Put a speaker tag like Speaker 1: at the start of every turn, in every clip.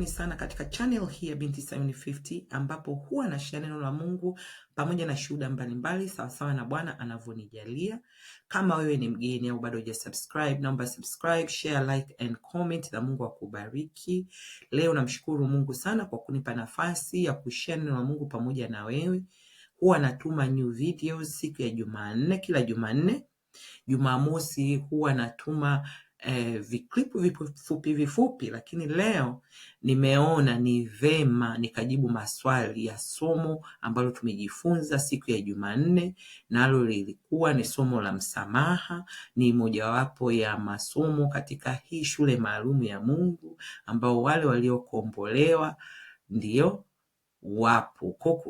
Speaker 1: karibuni sana katika channel hii ya Binti Sayuni 50 ambapo huwa nashia neno la Mungu pamoja na shuhuda mbalimbali sawasawa na Bwana anavyonijalia. Kama wewe ni mgeni au bado hujasubscribe, naomba subscribe, share, like and comment, na Mungu akubariki. Leo namshukuru Mungu sana kwa kunipa nafasi ya kushia neno la Mungu pamoja na wewe. Huwa natuma new videos siku ya Jumanne, kila Jumanne. Jumamosi huwa natuma eh, viklipu vifupi vifupi, lakini leo nimeona ni vema nikajibu maswali ya somo ambalo tumejifunza siku ya Jumanne, nalo lilikuwa ni somo la msamaha. Ni mojawapo ya masomo katika hii shule maalum ya Mungu ambao wale waliokombolewa ndiyo wapo huko,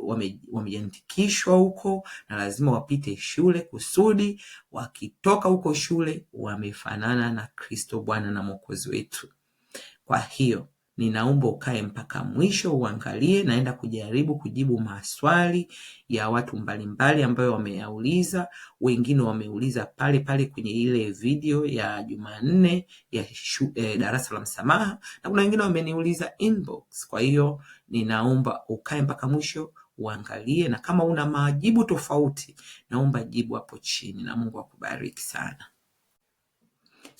Speaker 1: wamejiandikishwa huko na lazima wapite shule kusudi wakitoka huko shule wamefanana na Kristo Bwana na Mwokozi wetu. Kwa hiyo ninaomba ukae mpaka mwisho uangalie. Naenda kujaribu kujibu maswali ya watu mbalimbali ambayo wameyauliza, wengine wameuliza pale pale kwenye ile video ya Jumanne ya shu, eh, darasa la msamaha, na kuna wengine wameniuliza inbox. Kwa hiyo ninaomba ukae mpaka mwisho uangalie, na kama una majibu tofauti, naomba jibu hapo chini, na Mungu akubariki sana.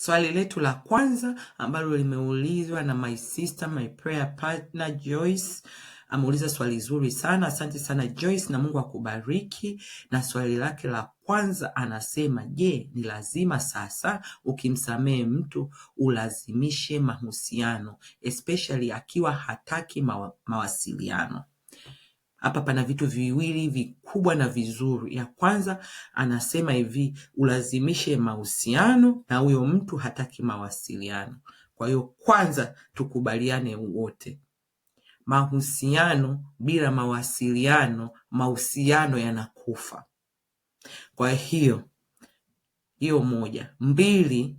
Speaker 1: Swali letu la kwanza ambalo limeulizwa na my sister, my prayer partner Joyce ameuliza swali zuri sana. Asante sana Joyce, na Mungu akubariki. Na swali lake la kwanza anasema, je, ni lazima sasa ukimsamehe mtu ulazimishe mahusiano especially akiwa hataki mawa, mawasiliano? Hapa pana vitu viwili vikubwa na vizuri. Ya kwanza anasema hivi, ulazimishe mahusiano na huyo mtu hataki mawasiliano. Kwa hiyo kwanza tukubaliane wote, mahusiano bila mawasiliano, mahusiano yanakufa. Kwa hiyo hiyo moja. Mbili,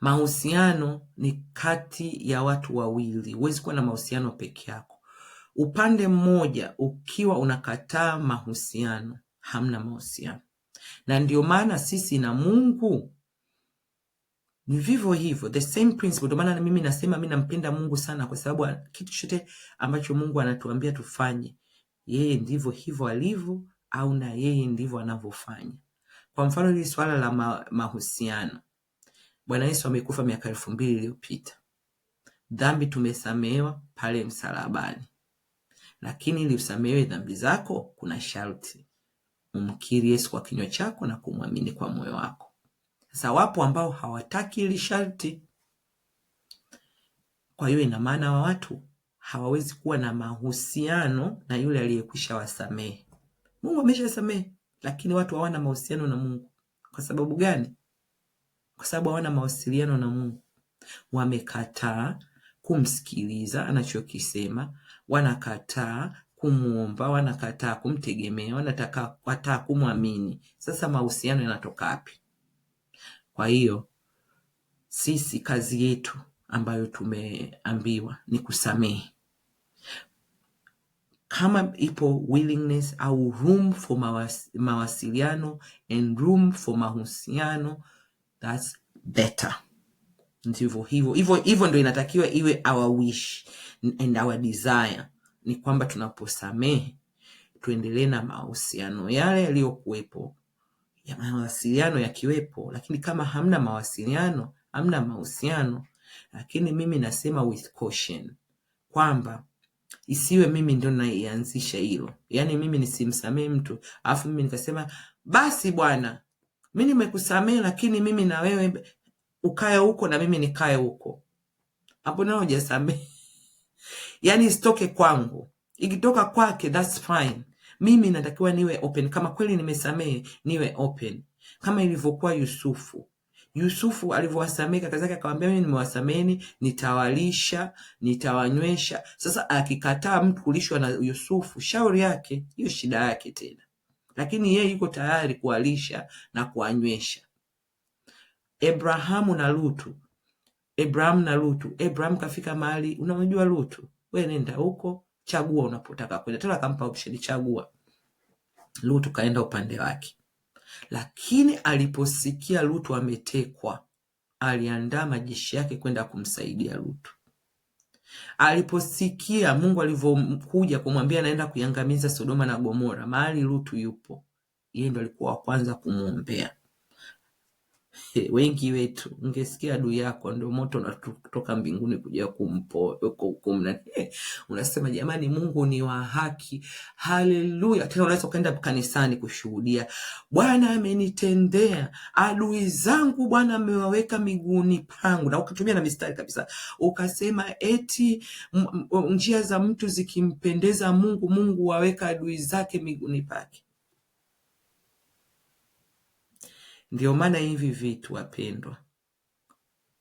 Speaker 1: mahusiano ni kati ya watu wawili, huwezi kuwa na mahusiano peke yako. Upande mmoja ukiwa unakataa mahusiano, hamna mahusiano. Na ndio maana sisi na Mungu ni vivyo hivyo, the same principle. Ndio maana mimi nasema mimi nampenda Mungu sana, kwa sababu kitu chote ambacho Mungu anatuambia tufanye, yeye ndivyo hivyo alivyo, au na yeye ndivyo anavyofanya. Kwa mfano, hili swala la ma mahusiano, Bwana Yesu amekufa miaka elfu mbili iliyopita, dhambi tumesamehewa pale msalabani lakini ili usamehewe dhambi zako, kuna sharti umkiri Yesu kwa kinywa chako na kumwamini kwa moyo wako. Sasa wapo ambao hawataki ili sharti, kwa hiyo ina maana wa watu hawawezi kuwa na mahusiano na yule aliyekwisha wasamehe. Mungu ameshasamehe, lakini watu hawana mahusiano na Mungu. Kwa sababu gani? Kwa sababu hawana mawasiliano na Mungu, wamekataa kumsikiliza anachokisema wanakataa kumuomba, wanakataa kumtegemea, wanakataa kumwamini. Sasa mahusiano yanatoka wapi? Kwa hiyo sisi kazi yetu ambayo tumeambiwa ni kusamehe, kama ipo willingness au room for mawasiliano and room for mahusiano, that's better ndivyo hivyo hivyo hivyo, ndio inatakiwa iwe our wish and our desire, ni kwamba tunaposamehe tuendelee na mahusiano yale yaliyokuwepo, ya mawasiliano yakiwepo. Lakini kama hamna mawasiliano, hamna mahusiano, lakini mimi nasema with caution kwamba isiwe mimi ndio naianzisha hilo, yaani mimi nisimsamehe mtu alafu mimi nikasema basi bwana, mimi nimekusamehe, lakini mimi na wewe ukae huko na mimi nikae huko, hapo nao hujasamehe. Yaani isitoke kwangu, ikitoka kwake that's fine. Mimi natakiwa niwe open, kama kweli nimesamehe niwe open, kama ilivyokuwa Yusufu. Yusufu alivyowasamehe kaka zake, akamwambia mimi nimewasameheni, nitawalisha, nitawanywesha. Sasa akikataa mtu kulishwa na Yusufu, shauri yake hiyo, shida yake tena, lakini yeye yuko tayari kuwalisha na kuwanywesha. Abrahamu na Lutu, Abrahamu na Lutu. Abrahamu kafika mahali, unamjua Lutu, we nenda huko, chagua unapotaka kwenda. Tena akampa option, chagua. Lutu kaenda upande wake, lakini aliposikia Lutu ametekwa, aliandaa majeshi yake kwenda kumsaidia Lutu. Aliposikia Mungu alivyokuja kumwambia anaenda kuiangamiza Sodoma na Gomora, mahali Lutu yupo, yeye ndo alikuwa wa kwanza kumwombea. wengi wetu ungesikia adui yako ndio moto unatoka mbinguni kuja kumpo kumna. Eh, unasema jamani, Mungu ni wa haki, haleluya! Tena unaweza ukaenda kanisani kushuhudia, Bwana amenitendea, adui zangu Bwana amewaweka miguuni pangu, na ukatumia na mistari kabisa, ukasema eti njia za mtu zikimpendeza Mungu, Mungu waweka adui zake miguuni pake. Ndio maana hivi vitu wapendwa,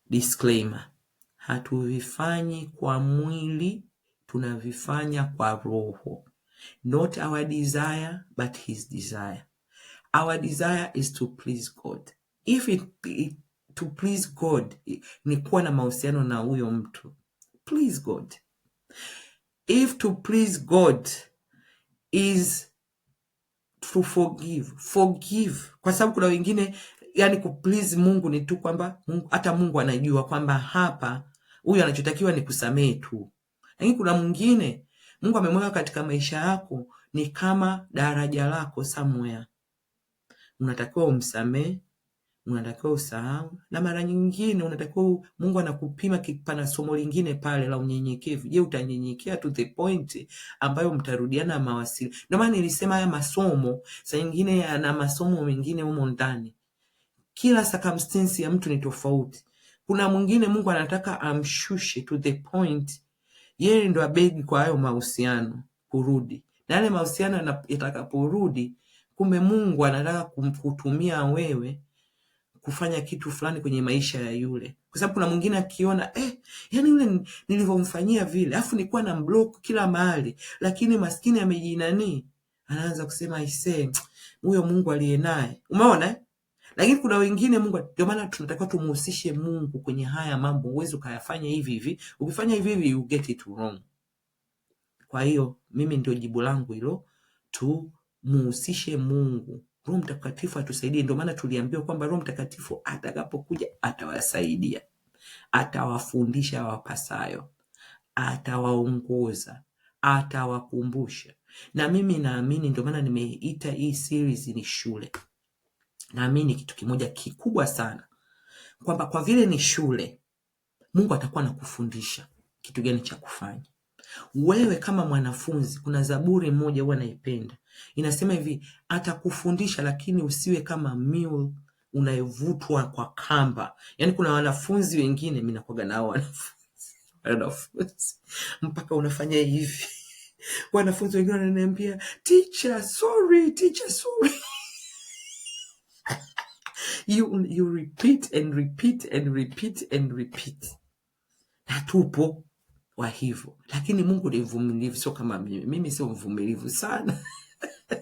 Speaker 1: disclaimer, hatuvifanyi kwa mwili, tunavifanya kwa roho. Not our desire but his desire. Our desire is to please God. If it, it to please God ni kuwa na mahusiano na huyo mtu. Please God. If to please God is to forgive. Forgive kwa sababu kuna wengine yani kuplease Mungu ni tu kwamba Mungu, hata Mungu anajua kwamba hapa huyu anachotakiwa ni kusamehe tu, lakini kuna mwingine Mungu amemweka katika maisha yako ni kama daraja lako somewhere, unatakiwa umsamehe unatakiwa usahau, na mara nyingine unatakiwa, Mungu anakupima kipana somo lingine pale la unyenyekevu. Je, utanyenyekea to the point ambayo mtarudiana mawasili? Ndio maana nilisema haya masomo saa nyingine yana masomo mengine humo ndani. Kila circumstance ya mtu ni tofauti. Kuna mwingine Mungu anataka amshushe to the point, yeye ndo abegi kwa hayo mahusiano kurudi, na yale mahusiano yatakaporudi, kumbe Mungu anataka kumkutumia wewe kufanya kitu fulani kwenye maisha ya yule, kwa sababu kuna mwingine akiona eh, yani yule nilivyomfanyia vile, afu nilikuwa na block kila mahali, lakini maskini amejinani, anaanza kusema aisee, huyo Mungu aliye naye. Umeona eh? Lakini kuna wengine Mungu, ndio maana tunatakiwa tumuhusishe Mungu kwenye haya mambo. Uwezi ukayafanya hivi hivi, ukifanya hivi hivi you get it wrong. Kwa hiyo mimi ndio jibu langu hilo, tumuhusishe Mungu Roho Mtakatifu atusaidie. Ndio maana tuliambiwa kwamba Roho Mtakatifu atakapokuja atawasaidia, atawafundisha wapasayo, atawaongoza, atawakumbusha. Na mimi naamini, ndio maana nimeita hii series ni shule. Naamini kitu kimoja kikubwa sana kwamba kwa vile ni shule, Mungu atakuwa kufundisha kitu gani cha kufanya. Wewe kama mwanafunzi, kuna Zaburi moja huwa naipenda, inasema hivi: atakufundisha lakini usiwe kama mule unayevutwa kwa kamba. Yaani kuna wanafunzi wengine, mimi nakwaga nao wanafunzi mpaka unafanya hivi. Wanafunzi wengine wananiambia teacher, sorry, teacher, sorry you, you repeat and repeat and repeat and repeat, na tupo wa hivyo, lakini Mungu ni mvumilivu, sio kama mimi. Mimi sio mvumilivu sana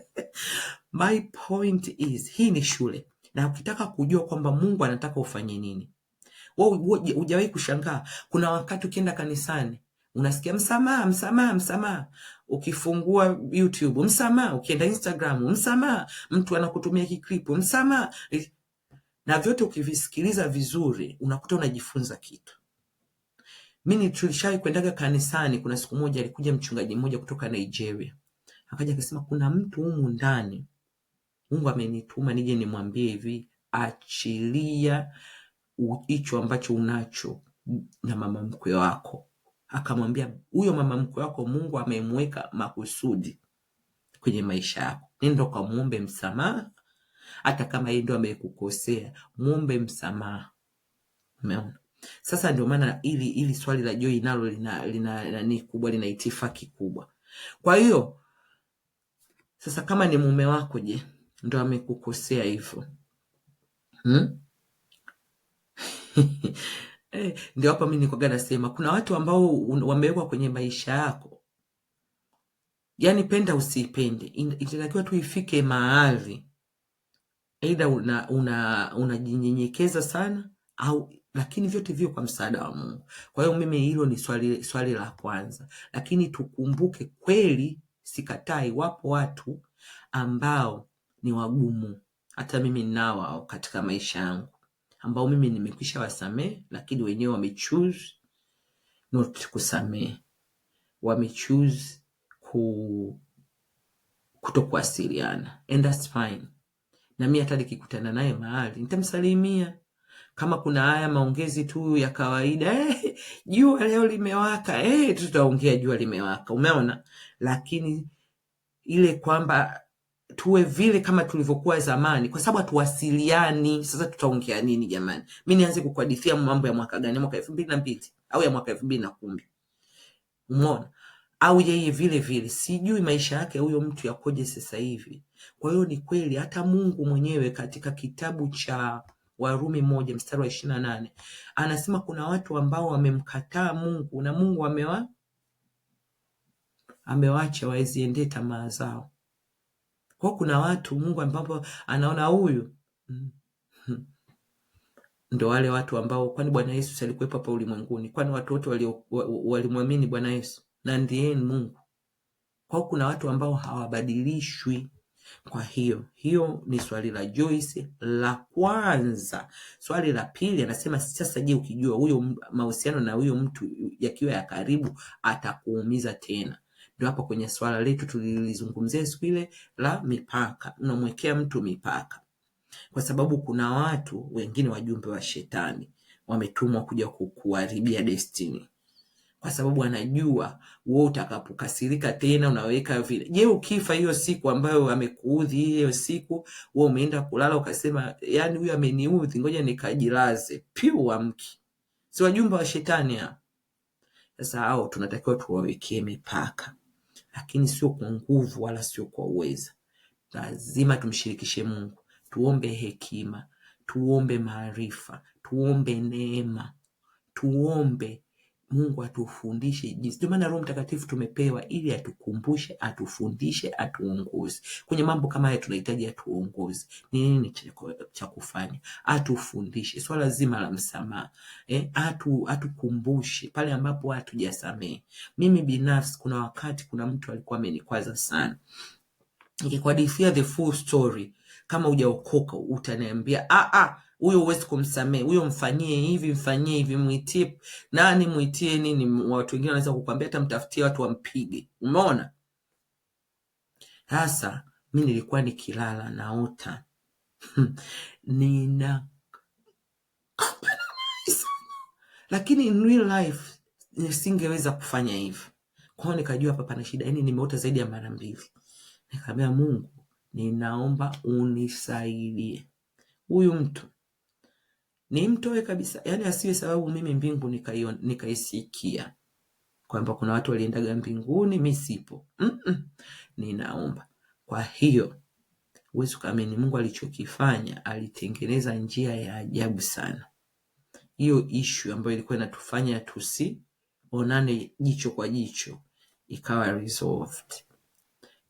Speaker 1: my point is, hii ni shule, na ukitaka kujua kwamba Mungu anataka ufanye nini, wewe hujawahi kushangaa. Kuna wakati ukienda kanisani unasikia msamaha, msamaha, msamaha. Ukifungua YouTube msamaha, ukienda Instagram msamaha, mtu anakutumia kiklipu msamaha, na vyote ukivisikiliza vizuri unakuta unajifunza kitu. Mimi tulishawahi kwendaga kanisani. Kuna siku moja alikuja mchungaji mmoja kutoka Nigeria, akaja akasema, kuna mtu humu ndani, Mungu amenituma nije nimwambie hivi, achilia hicho ambacho unacho na mama mkwe wako. Akamwambia huyo mama mkwe wako Mungu amemweka makusudi kwenye maisha yako, nenda muombe msamaha, hata kama yeye ndo amekukosea, muombe msamaha. Umeona? Sasa ndio maana ili ili swali la Joy nalo lina lina nani kubwa, lina itifaki kubwa. Kwa hiyo sasa, kama ni mume wako, je, ndo amekukosea hivyo hmm? Eh, ndio hapa mimi nilikuwa nasema kuna watu ambao wamewekwa kwenye maisha yako, yaani penda usipende, inatakiwa tu ifike mahali aidha unajinyenyekeza una, una sana au lakini vyote vio kwa msaada wa Mungu. Kwa hiyo mimi hilo ni swali, swali la kwanza, lakini tukumbuke kweli, sikatai, wapo watu ambao ni wagumu, hata mimi ninao katika maisha yangu ambao mimi nimekwisha wasamehe, lakini wenyewe wamechoose not kusamehe, wamechoose ku kutokuwasiliana, and that's fine. Na mimi hata nikikutana naye mahali nitamsalimia kama kuna haya maongezi tu ya kawaida eh, jua leo limewaka eh, tutaongea jua limewaka, umeona. Lakini ile kwamba tuwe vile kama tulivyokuwa zamani, kwa sababu hatuwasiliani. Sasa tutaongea nini jamani? Mi nianze kukuhadithia mambo ya mwaka gani? Mwaka elfu mbili na mbili au ya mwaka elfu mbili na kumi? Umeona? Au yeye vile vile, sijui maisha yake huyo mtu yakoje sasa hivi. Kwa hiyo ni kweli hata Mungu mwenyewe katika kitabu cha Warumi moja mstari wa ishirini na nane anasema kuna watu ambao wamemkataa Mungu na Mungu amewa amewacha waeziendee tamaa zao. Kwa kuna watu Mungu ambapo anaona huyu mm, ndo wale watu ambao, kwani Bwana Yesu alikuwepo hapa ulimwenguni? Kwani watu wote walimwamini Bwana Yesu na ndiye Mungu? Kwa kuna watu ambao hawabadilishwi kwa hiyo hiyo ni swali la Joyce la kwanza. Swali la pili anasema sasa, je, ukijua huyo mahusiano na huyo mtu yakiwa ya karibu atakuumiza tena? Ndio hapo kwenye swala letu tulilizungumzia siku ile la mipaka, unamwekea mtu mipaka, kwa sababu kuna watu wengine wajumbe wa shetani wametumwa kuja kukuharibia destiny kwa sababu anajua wewe utakapokasirika tena unaweka vile. Je, ukifa hiyo siku ambayo amekuudhi, hiyo siku wewe umeenda kulala ukasema, yani huyu ameniudhi, ngoja nikajilaze, piu, amki. Si wajumba wa shetani ya. Sasa hao tunatakiwa tuwawekee mipaka, lakini sio kwa nguvu wala sio kwa uweza. Lazima tumshirikishe Mungu, tuombe hekima, tuombe maarifa, tuombe neema, tuombe Mungu atufundishe jinsi. Ndio maana Roho Mtakatifu tumepewa ili atukumbushe, atufundishe, atuongoze kwenye mambo kama haya. Tunahitaji atuongoze ni nini cha kufanya, atufundishe swala zima la msamaha eh, atu atukumbushe pale ambapo hatujasamehe. Mimi binafsi, kuna wakati kuna mtu alikuwa amenikwaza sana, nikikuhadithia the full story, kama hujaokoka utaniambia ah ah huyo huwezi kumsamehe huyo, mfanyie hivi mfanyie hivi, mwitie nani mwitie nini. Watu wengine wanaweza kukwambia hata mtafutie watu wampige. Umeona? Sasa mi nilikuwa nikilala naota nina lakini in real life nisingeweza kufanya hivi. Kwa hiyo nikajua hapa pana shida, yani nimeota zaidi ya mara mbili. Nikamwambia Mungu, ninaomba unisaidie huyu mtu nimtoe kabisa, yani asiwe sababu mimi mbingu nikaisikia kwamba kuna watu waliendaga mbinguni mimi sipo. mm -mm. Ninaomba. Kwa hiyo huwezi kuamini, Mungu alichokifanya, alitengeneza njia ya ajabu sana. Hiyo ishu ambayo ilikuwa inatufanya tusionane jicho kwa jicho ikawa resolved.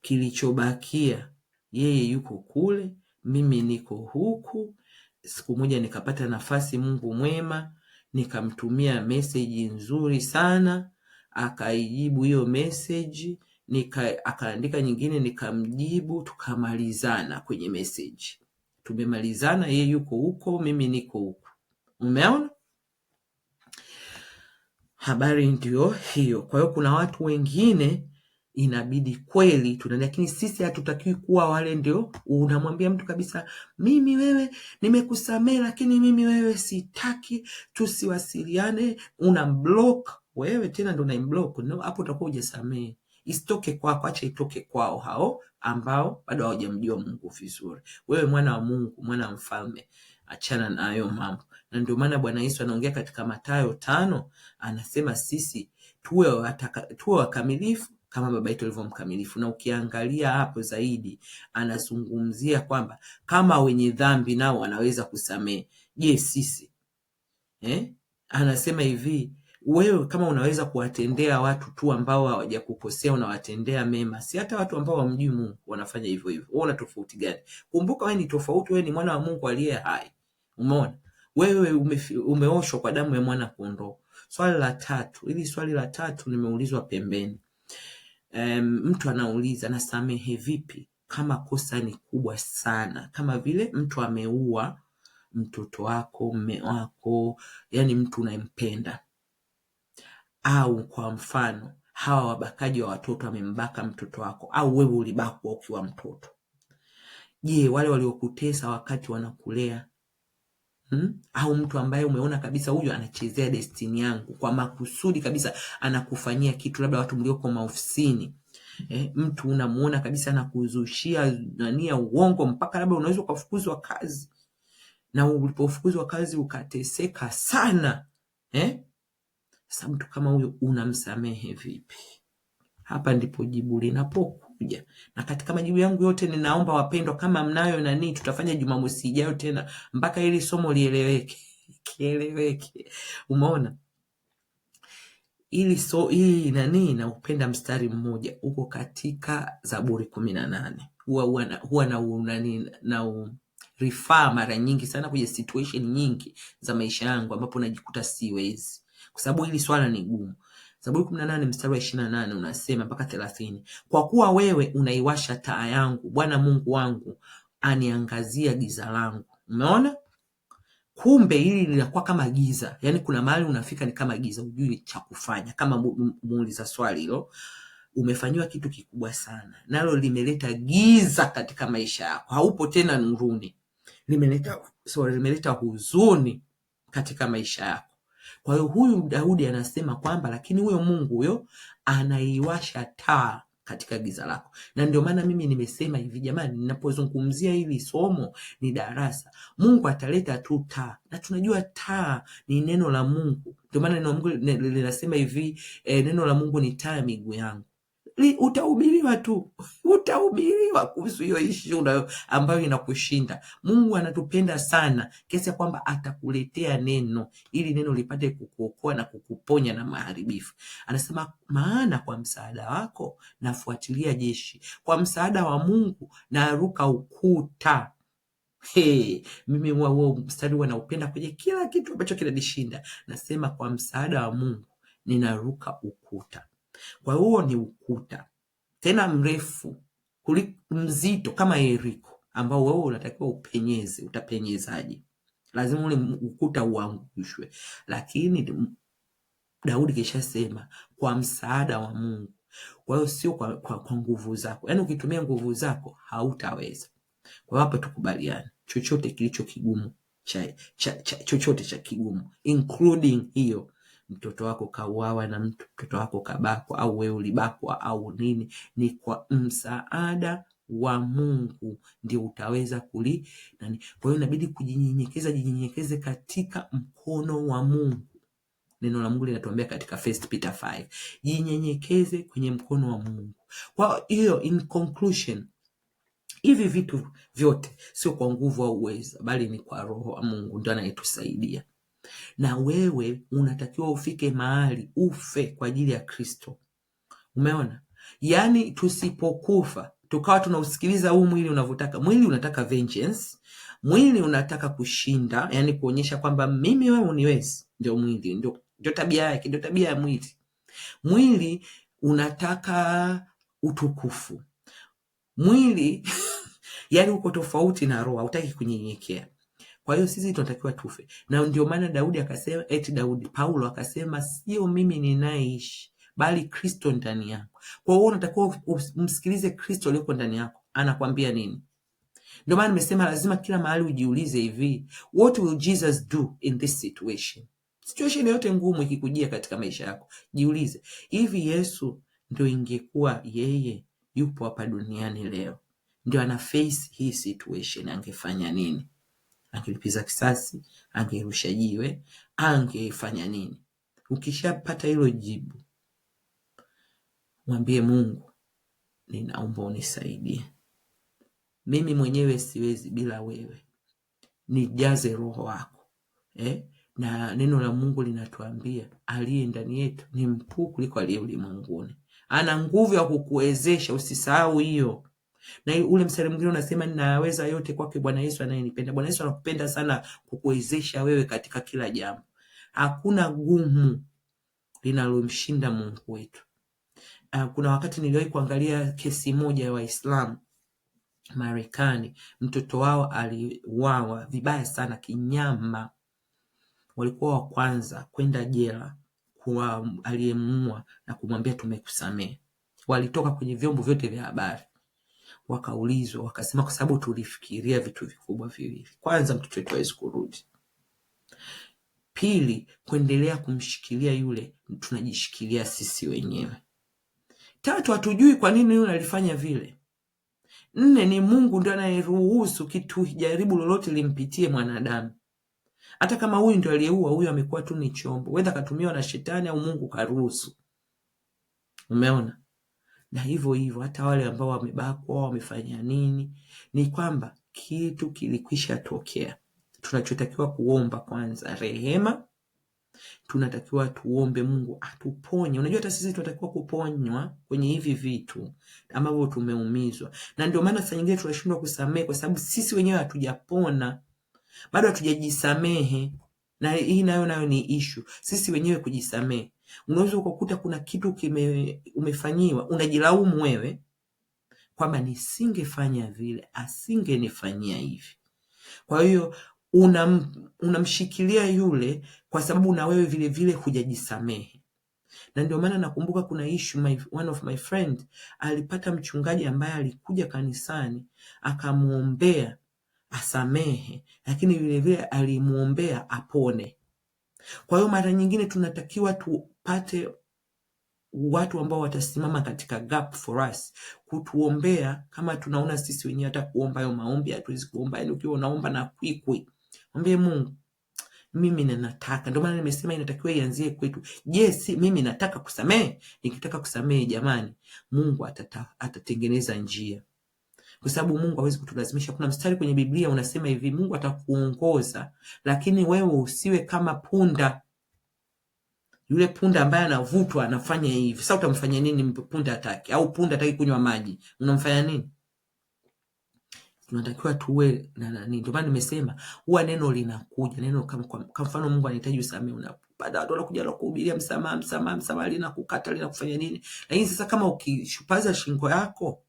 Speaker 1: Kilichobakia yeye yuko kule, mimi niko huku, siku moja nikapata nafasi, Mungu mwema, nikamtumia meseji nzuri sana, akaijibu hiyo meseji nika, akaandika nyingine nikamjibu, tukamalizana kwenye meseji, tumemalizana. Yeye yuko huko, mimi niko huko, umeona. Habari ndio hiyo. Kwa hiyo kuna watu wengine inabidi kweli tuna, lakini sisi hatutakiwi kuwa wale ndio unamwambia mtu kabisa, mimi wewe nimekusamehe, lakini mimi wewe sitaki, tusiwasiliane. Unamblock wewe tena ndo unaimblock. No, hapo utakuwa hujasamehe. Isitoke kwako, acha itoke kwao hao ambao bado hawajamjua Mungu vizuri. Wewe mwana wa Mungu, mwana wa mfalme, achana na hayo mambo. Na ndio maana Bwana Yesu anaongea katika Mathayo tano, anasema sisi tuwe wakamilifu kama baba yetu alivyo mkamilifu. Na ukiangalia hapo zaidi, anazungumzia kwamba kama wenye dhambi nao wanaweza kusamehe, je, sisi eh? Anasema hivi wewe kama unaweza kuwatendea watu tu ambao hawajakukosea unawatendea mema, si hata watu ambao wamjui Mungu wanafanya hivyo hivyo, wewe una tofauti gani? Kumbuka wewe ni tofauti, wewe ni mwana wa Mungu aliye hai. Umeona wewe umeoshwa kwa damu ya mwana kondoo. Swali la tatu, ili swali la tatu nimeulizwa pembeni um, mtu anauliza nasamehe vipi kama kosa ni kubwa sana, kama vile mtu ameua mtoto wako, mme wako, yani mtu unayempenda. Au kwa mfano hawa wabakaji wa watoto, amembaka mtoto wako, au wewe ulibakwa ukiwa mtoto. Je, wale waliokutesa wakati wanakulea Hmm? Au mtu ambaye umeona kabisa huyu anachezea destini yangu kwa makusudi kabisa, anakufanyia kitu, labda watu mlioko maofisini eh, mtu unamuona kabisa anakuzushia nani ya uongo, mpaka labda unaweza ukafukuzwa kazi, na ulipofukuzwa kazi ukateseka sana eh? Sasa mtu kama huyo unamsamehe vipi? Hapa ndipo jibu linapoku kuja. Na katika majibu yangu yote ninaomba wapendwa, kama mnayo nani, tutafanya Jumamosi ijayo tena mpaka ili somo lieleweke kieleweke. Umeona ili so hii nani, naupenda mstari mmoja uko katika Zaburi kumi na nane huwa na unani na u rifaa mara nyingi sana kwenye situation nyingi za maisha yangu ambapo najikuta siwezi, kwa sababu hili swala ni gumu. Zaburi kumi na nane mstari wa ishirini na nane unasema mpaka thelathini kwa kuwa wewe unaiwasha taa yangu, Bwana Mungu wangu aniangazia giza langu. Umeona, kumbe hili linakuwa kama giza, yaani kuna mahali unafika ni kama giza, hujui cha kufanya. Kama muuliza swali hilo, umefanyiwa kitu kikubwa sana, nalo limeleta giza katika maisha yako, haupo tena nuruni, limeleta sorry, limeleta huzuni katika maisha yako. Kwa hiyo huyu Daudi anasema kwamba lakini huyo Mungu huyo anaiwasha taa katika giza lako. Na ndio maana mimi nimesema hivi jamani, ninapozungumzia hili somo ni darasa, Mungu ataleta tu taa, na tunajua taa ni neno la Mungu. Ndio maana neno la Mungu linasema hivi e, neno la Mungu ni taa ya miguu yangu li, utahubiriwa tu, utahubiriwa kuhusu hiyo ishu unayo ambayo inakushinda. Mungu anatupenda sana kiasi ya kwamba atakuletea neno ili neno lipate kukuokoa na kukuponya na maharibifu. Anasema, maana kwa msaada wako nafuatilia jeshi, kwa msaada wa Mungu naruka ukuta. Hey, mimi huo mstari huwa naupenda kwenye kila kitu ambacho kinanishinda. Nasema kwa msaada wa Mungu ninaruka ukuta. Kwa huo ni ukuta tena mrefu mzito kama Yeriko, ambao wewe unatakiwa upenyeze. Utapenyezaje? Lazima ule ukuta uangushwe. Lakini Daudi kishasema kwa msaada wa Mungu. Kwa hiyo sio kwa, kwa, kwa nguvu zako, yaani ukitumia nguvu zako hautaweza. Kwa hapa tukubaliane, chochote kilicho kigumu cha, cha, cha, chochote cha kigumu including hiyo mtoto wako kauawa na mtoto wako kabakwa, au wewe ulibakwa au nini, ni kwa msaada wa Mungu ndio utaweza kuli nani. Kwa hiyo inabidi kujinyenyekeza, jinyenyekeze katika mkono wa Mungu. Neno la Mungu linatuambia katika First Peter 5, jinyenyekeze kwenye mkono wa Mungu. Kwa hiyo in conclusion, hivi vitu vyote sio kwa nguvu au uwezo, bali ni kwa Roho wa Mungu, ndio anayetusaidia na wewe unatakiwa ufike mahali ufe kwa ajili ya Kristo. Umeona? Yaani tusipokufa tukawa tunausikiliza huu mwili unavyotaka. Mwili unataka vengeance, mwili unataka kushinda, yani kuonyesha kwamba mimi wewe uniwezi. Ndio mwili, ndio ndio tabia yake, ndio tabia ya mwili. Mwili unataka utukufu, mwili yani uko tofauti na roho, hautaki kunyenyekea. Kwa hiyo sisi tunatakiwa tufe, na ndio maana Daudi akasema eti Daudi, Paulo akasema sio mimi ninayeishi bali Kristo ndani yako. Kwa hiyo unatakiwa umsikilize Kristo aliyoko ndani yako anakwambia nini. Ndio maana nimesema lazima kila mahali ujiulize hivi, what will Jesus do in this situation? Situation yote ngumu ikikujia katika maisha yako, jiulize hivi, Yesu ndio ingekuwa yeye yupo hapa duniani leo, ndio ana face hii situation, angefanya nini? angelipiza kisasi, angerusha jiwe, angefanya nini? Ukishapata hilo jibu, mwambie Mungu, ninaomba unisaidie, mimi mwenyewe siwezi bila wewe, nijaze Roho wako eh? na neno la Mungu linatuambia aliye ndani yetu ni mkuu kuliko aliye ulimwenguni. Ana nguvu ya kukuwezesha, usisahau hiyo na ule mstari mwingine unasema ninaweza yote kwake Bwana Yesu anayenipenda. Bwana Yesu anakupenda sana kukuwezesha wewe katika kila jambo. Hakuna gumu linalomshinda Mungu wetu. Ah, kuna wakati niliwahi kuangalia kesi moja ya wa Waislamu Marekani, mtoto wao aliuawa vibaya sana, kinyama. Walikuwa wa kwanza kwenda jela kwa aliyemuua na kumwambia tumekusamehe. Walitoka kwenye vyombo vyote vya habari wakaulizwa wakasema, kwa sababu tulifikiria vitu vikubwa viwili. Kwanza, mtoto wetu hawezi kurudi. Pili, kuendelea kumshikilia yule, tunajishikilia sisi wenyewe. Tatu, hatujui kwa nini yule alifanya vile. Nne, ni Mungu ndio anayeruhusu kitu jaribu lolote limpitie mwanadamu. Hata kama huyu ndio aliyeua, huyu amekuwa tu ni chombo, wedha katumiwa na shetani au Mungu karuhusu. Umeona? na hivyo hivyo hata wale ambao wamebakwa wao wamefanya nini, ni kwamba kitu kilikwisha tokea. Tunachotakiwa kuomba kwanza rehema, tunatakiwa tuombe Mungu atuponye. Unajua, hata sisi tunatakiwa kuponywa kwenye hivi vitu ambavyo tumeumizwa, na ndio maana saa nyingine tunashindwa kusamehe, kwa sababu sisi wenyewe hatujapona bado, hatujajisamehe na hii nayo nayo ni ishu, sisi wenyewe kujisamehe. Unaweza ukakuta kuna kitu kime umefanyiwa, unajilaumu wewe kwamba nisingefanya vile, asingenifanyia hivi. Kwa hiyo unam, unamshikilia yule kwa sababu na wewe vile vile hujajisamehe. Na ndio maana nakumbuka kuna issue my, one of my friend alipata mchungaji ambaye alikuja kanisani akamwombea asamehe, lakini vilevile alimwombea apone. Kwa hiyo mara nyingine tunatakiwa tupate watu ambao watasimama katika gap for us kutuombea, kama tunaona sisi wenyewe hata kuomba hayo maombi hatuwezi kuomba. Yani ukiwa unaomba na kwikwi, mwambie Mungu, mimi ninataka. Ndio maana nimesema inatakiwa ianzie kwetu. Je, si mimi nataka kusamehe? Nikitaka kusamehe, jamani, Mungu atata, atatengeneza njia kwa sababu Mungu hawezi kutulazimisha. Kuna mstari kwenye Biblia unasema hivi, Mungu atakuongoza, lakini wewe usiwe kama punda yule punda ambaye anavutwa anafanya hivi. Sasa utamfanya nini punda ataki? Au punda ataki kunywa maji, unamfanya nini? Tunatakiwa tuwe na nani? Ndio maana nimesema huwa neno linakuja neno, kama kwa mfano Mungu anahitaji usamehe, unapata watu wanakuja na kuhubiria msamaha, msamaha, msamaha, linakukata linakufanya nini? Lakini sasa kama ukishupaza shingo yako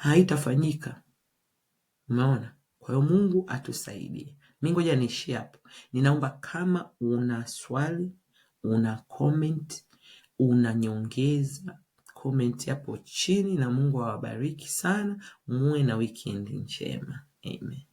Speaker 1: haitafanyika. Umeona? Kwa hiyo Mungu atusaidie. Mimi ngoja niishie hapo. Ninaomba kama una swali, una comment, una nyongeza, comment hapo chini na Mungu awabariki sana. Muwe na weekend njema. Amen.